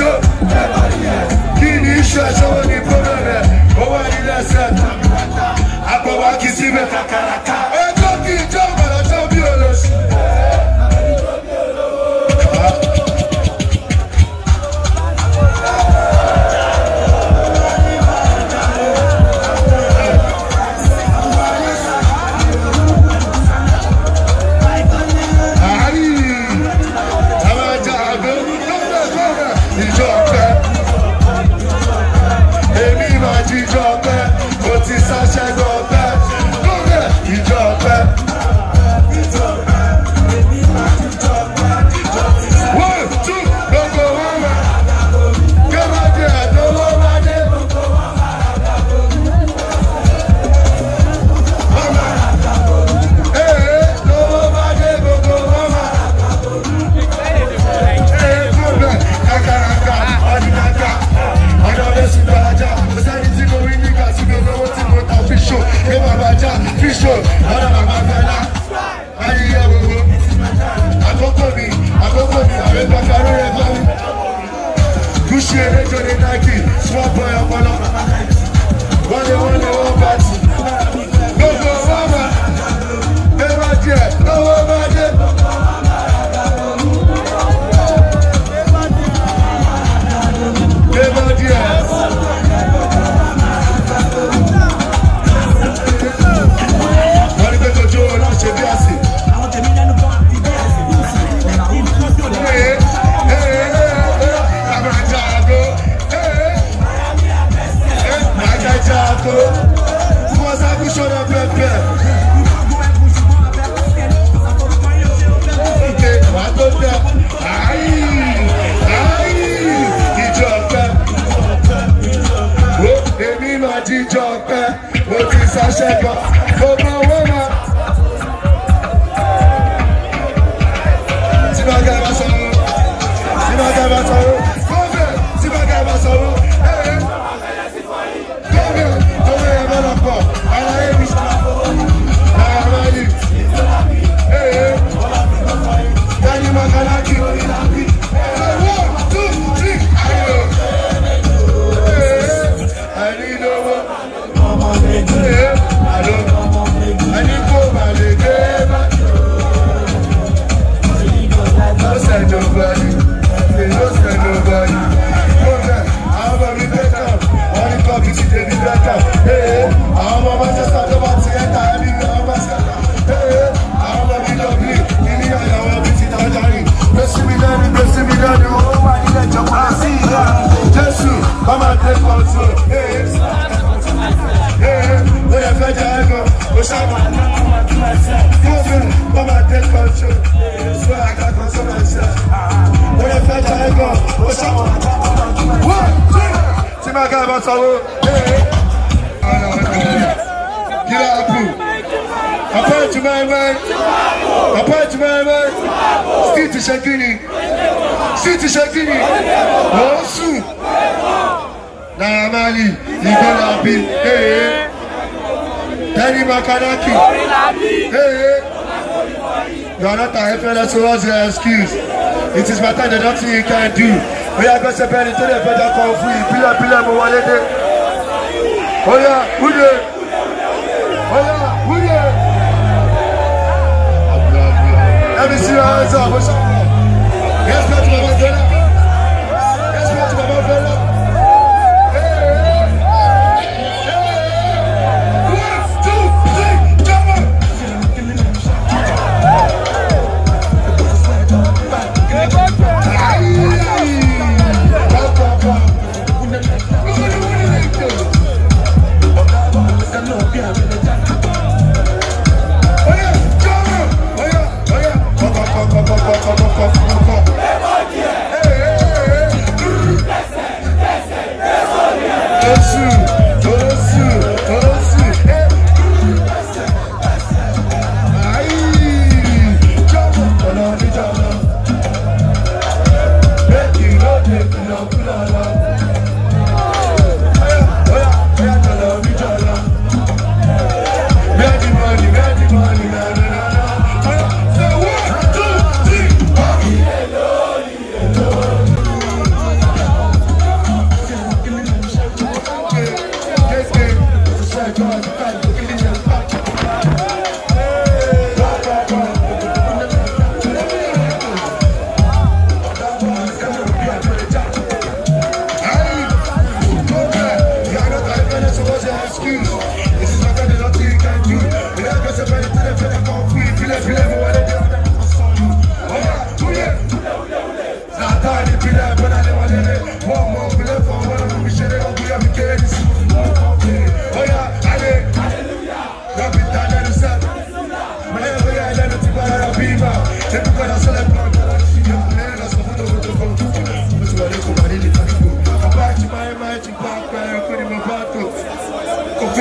Jump! jọpẹ́ mo ti ṣàṣẹ bọ̀ mo máa wá. nobody. They don't send nobody. Go there, I'm gonna be better. All the publicity, they be Hey, I'm a Manchester, I'm a theater, I'm in the Hey, I'm a big of me. In the end, I'm a big Italian. Blessing me, daddy, blessing me, daddy. Oh, my, you let your man see that. Jesus, come on, take control. Hey, hey, where the fed I go. Go, Shabba. Go, Come and take control ẹ̀jẹ̀gàn ó ṣàwọn àtàwọn tí máa ká ẹ bá sanwó. Get out my man, apart to my man, still to Shakini, still to Shakini, no soon. Naramali, hey, Danny Makanaki, hey, you are not a excuse? it is my time there's nothing you can do oya gbèsè bẹ́ẹ̀ni tó lè fẹjọ kọ fún ìpínlẹ̀ ìpínlẹ̀ mo wọlé dé oya wúde oya wúde. Let me see your hands up. vai, vai, vai.